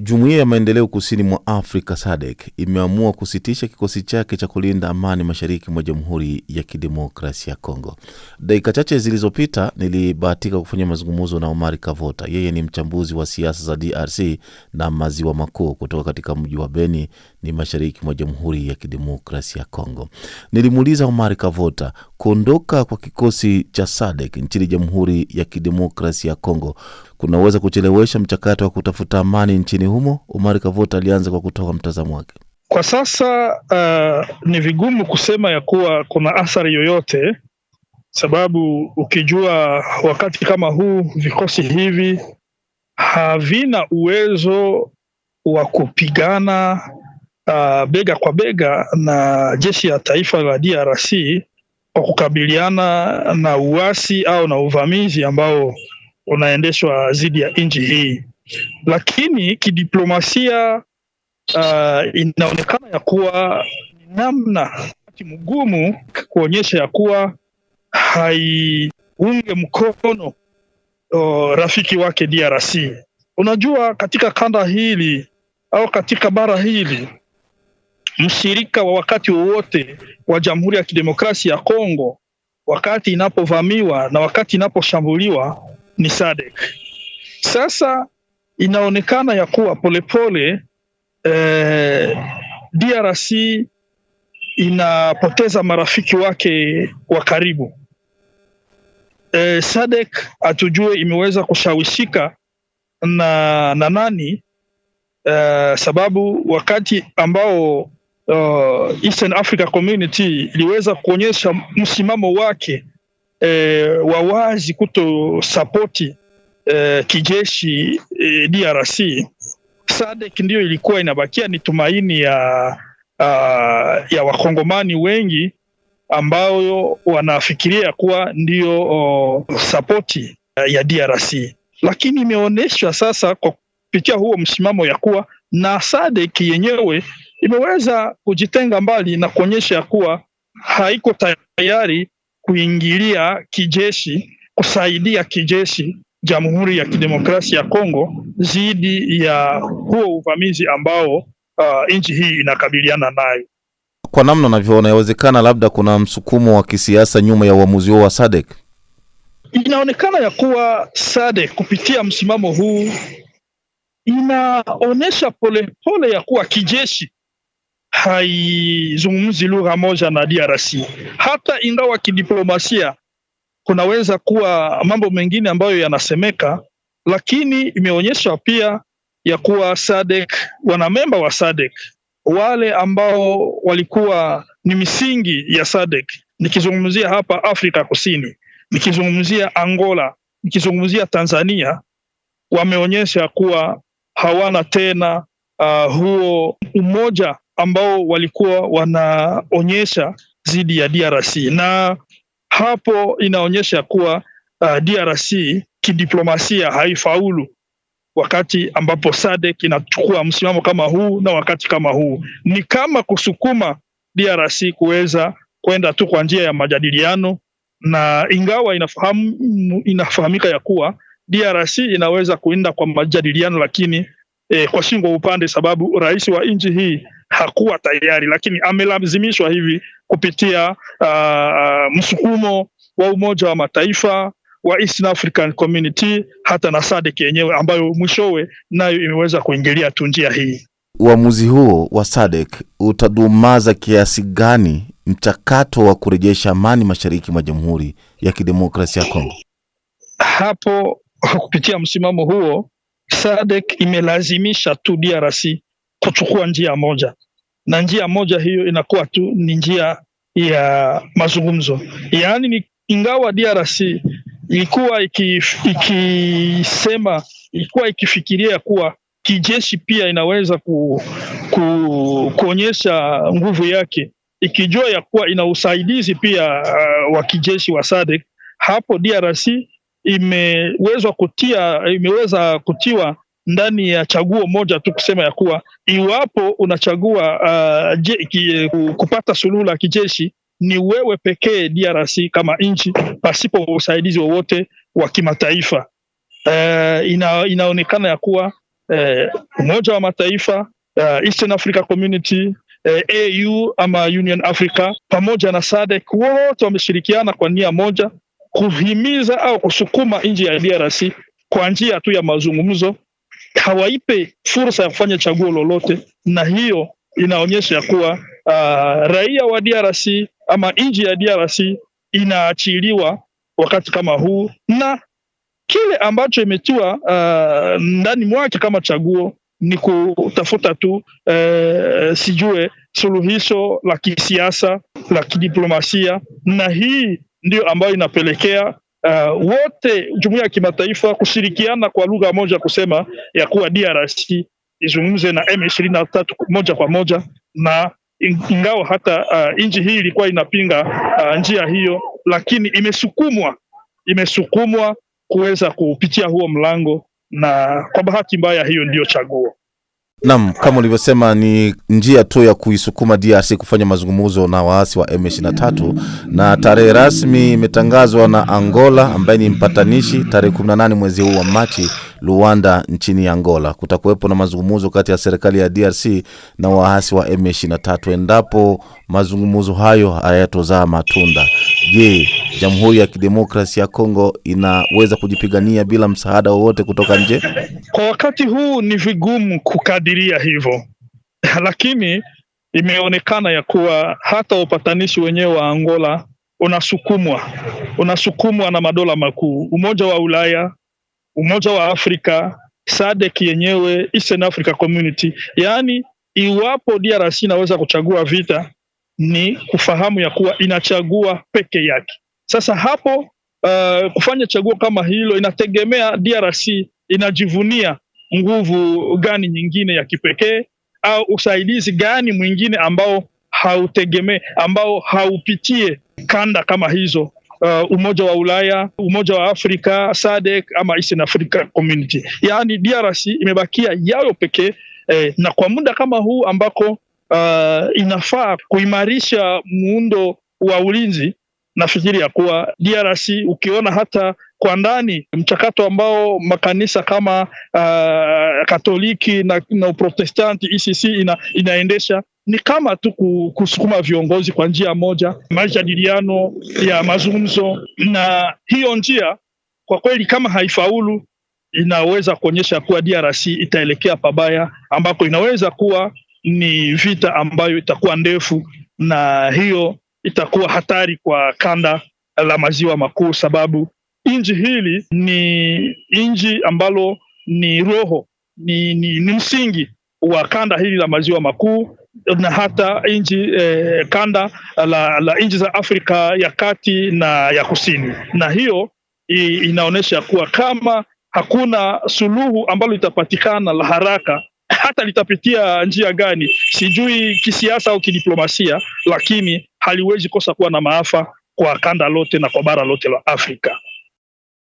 Jumuiya ya Maendeleo Kusini mwa Afrika SADC imeamua kusitisha kikosi chake cha kulinda amani mashariki mwa Jamhuri ya Kidemokrasia ya Kongo. Dakika chache zilizopita nilibahatika kufanya mazungumzo na Omar Kavota. Yeye ni mchambuzi wa siasa za DRC na Maziwa Makuu kutoka katika mji wa Beni ni mashariki mwa Jamhuri ya Kidemokrasia ya Kongo. Nilimuuliza Omar Kavota, kuondoka kwa kikosi cha SADC nchini Jamhuri ya Kidemokrasia ya Kongo kunaweza kuchelewesha mchakato wa kutafuta amani nchini humo? Omar Kavota alianza kwa kutoa mtazamo wake. Kwa sasa uh, ni vigumu kusema ya kuwa kuna athari yoyote, sababu ukijua wakati kama huu vikosi hivi havina uwezo wa kupigana uh, bega kwa bega na jeshi ya taifa la DRC kwa kukabiliana na uasi au na uvamizi ambao unaendeshwa dhidi ya nchi hii lakini kidiplomasia uh, inaonekana ya kuwa ni namna mgumu kuonyesha ya kuwa haiunge mkono o, uh, rafiki wake DRC. Unajua, katika kanda hili au katika bara hili mshirika wa wakati wowote wa Jamhuri ya Kidemokrasia ya Kongo wakati inapovamiwa na wakati inaposhambuliwa ni SADC. Sasa inaonekana ya kuwa polepole pole, eh, DRC inapoteza marafiki wake wa karibu. Eh, Sadek hatujue imeweza kushawishika na, na nani eh, sababu wakati ambao uh, Eastern Africa Community iliweza kuonyesha msimamo wake eh, wa wazi kuto sapoti eh, kijeshi eh, DRC, SADC ndiyo ilikuwa inabakia ni tumaini ya, uh, ya wakongomani wengi ambao wanafikiria kuwa ndiyo oh, sapoti ya DRC, lakini imeonyeshwa sasa kwa kupitia huo msimamo ya kuwa na SADC yenyewe imeweza kujitenga mbali na kuonyesha ya kuwa haiko tayari kuingilia kijeshi kusaidia kijeshi Jamhuri ya Kidemokrasia ya Kongo dhidi ya huo uvamizi ambao uh, nchi hii inakabiliana nayo. Kwa namna unavyoona, yawezekana labda kuna msukumo wa kisiasa nyuma ya uamuzi huo wa SADC. Inaonekana ya kuwa SADC kupitia msimamo huu inaonyesha polepole ya kuwa kijeshi haizungumzi lugha moja na DRC, hata ingawa kidiplomasia kunaweza kuwa mambo mengine ambayo yanasemeka, lakini imeonyeshwa pia ya kuwa SADC, wanamemba wa SADC wale ambao walikuwa ni misingi ya SADC, nikizungumzia hapa Afrika Kusini, nikizungumzia Angola, nikizungumzia Tanzania, wameonyesha kuwa hawana tena uh, huo umoja ambao walikuwa wanaonyesha dhidi ya DRC na hapo inaonyesha kuwa uh, DRC kidiplomasia haifaulu wakati ambapo SADC inachukua msimamo kama huu na wakati kama huu, ni kama kusukuma DRC kuweza kwenda tu kwa njia ya majadiliano, na ingawa inafahamu, inafahamika ya kuwa DRC inaweza kuenda kwa majadiliano, lakini eh, kwa shingo upande, sababu rais wa nchi hii hakuwa tayari, lakini amelazimishwa hivi kupitia uh, msukumo wa Umoja wa Mataifa wa East African Community hata na SADC yenyewe ambayo mwishowe nayo imeweza kuingilia tu njia hii. Uamuzi huo wa SADC utadumaza kiasi gani mchakato wa kurejesha amani mashariki mwa Jamhuri ya Kidemokrasia ya Kongo? Hapo kupitia msimamo huo SADC imelazimisha tu DRC kuchukua njia moja, na njia moja hiyo inakuwa tu ni njia ya mazungumzo. Yaani ni ingawa DRC ilikuwa ikisema iki ilikuwa ikifikiria kuwa kijeshi pia inaweza ku, ku, kuonyesha nguvu yake ikijua ya kuwa ina usaidizi pia uh, wa kijeshi wa SADC. Hapo DRC imewezwa kutia imeweza kutiwa ndani ya chaguo moja tu kusema ya kuwa iwapo unachagua uh, je, ki, kupata suluhu la kijeshi ni wewe pekee DRC kama nchi pasipo usaidizi wowote wa kimataifa. Uh, ina, inaonekana ya kuwa uh, Umoja wa Mataifa uh, Eastern Africa Community uh, AU ama Union Africa pamoja na SADC wote wameshirikiana kwa nia moja kuhimiza au kusukuma nchi ya DRC kwa njia tu ya mazungumzo, hawaipe fursa ya kufanya chaguo lolote, na hiyo inaonyesha ya kuwa uh, raia wa DRC ama nchi ya DRC inaachiliwa wakati kama huu, na kile ambacho imetiwa uh, ndani mwake kama chaguo ni kutafuta tu uh, sijue suluhisho la kisiasa la kidiplomasia, na hii ndio ambayo inapelekea uh, wote jumuiya ya kimataifa kushirikiana kwa lugha moja kusema ya kuwa DRC izungumze na M 23 na tatu moja kwa moja na ingawa hata uh, nchi hii ilikuwa inapinga uh, njia hiyo, lakini imesukumwa imesukumwa kuweza kupitia huo mlango, na kwa bahati mbaya hiyo ndiyo chaguo. Naam, kama ulivyosema ni njia tu ya kuisukuma DRC kufanya mazungumzo na waasi wa M23, na tarehe rasmi imetangazwa na Angola ambaye ni mpatanishi tarehe 18 mwezi huu wa Machi, Luanda nchini Angola. Kutakuwepo na mazungumzo kati ya serikali ya DRC na waasi wa M23 endapo mazungumzo hayo hayatozaa matunda Je, Jamhuri ya Kidemokrasia ya Kongo inaweza kujipigania bila msaada wowote kutoka nje? Kwa wakati huu ni vigumu kukadiria hivyo, lakini imeonekana ya kuwa hata upatanishi wenyewe wa Angola unasukumwa unasukumwa na madola makuu, Umoja wa Ulaya, Umoja wa Afrika, SADC yenyewe, Eastern Africa Community. Yaani, iwapo DRC inaweza kuchagua vita ni kufahamu ya kuwa inachagua peke yake. Sasa hapo uh, kufanya chaguo kama hilo inategemea DRC inajivunia nguvu gani nyingine ya kipekee au usaidizi gani mwingine ambao hautegemee ambao haupitie kanda kama hizo uh, Umoja wa Ulaya, Umoja wa Afrika, SADC ama East Africa Community. Yaani DRC imebakia yayo pekee eh, na kwa muda kama huu ambako uh, inafaa kuimarisha muundo wa ulinzi. Nafikiri ya kuwa DRC ukiona hata kwa ndani mchakato ambao makanisa kama uh, Katoliki na, na Uprotestanti ECC ina, inaendesha ni kama tu kusukuma viongozi kwa njia moja, majadiliano ya mazungumzo, na hiyo njia kwa kweli, kama haifaulu, inaweza kuonyesha kuwa DRC itaelekea pabaya, ambako inaweza kuwa ni vita ambayo itakuwa ndefu, na hiyo itakuwa hatari kwa kanda la maziwa makuu, sababu nji hili ni nchi ambalo ni roho ni, ni, ni msingi wa kanda hili la maziwa makuu na hata nchi eh, kanda la, la nchi za Afrika ya kati na ya kusini, na hiyo inaonyesha kuwa kama hakuna suluhu ambalo litapatikana la haraka hata litapitia njia gani, sijui kisiasa au kidiplomasia, lakini haliwezi kosa kuwa na maafa kwa kanda lote na kwa bara lote la Afrika.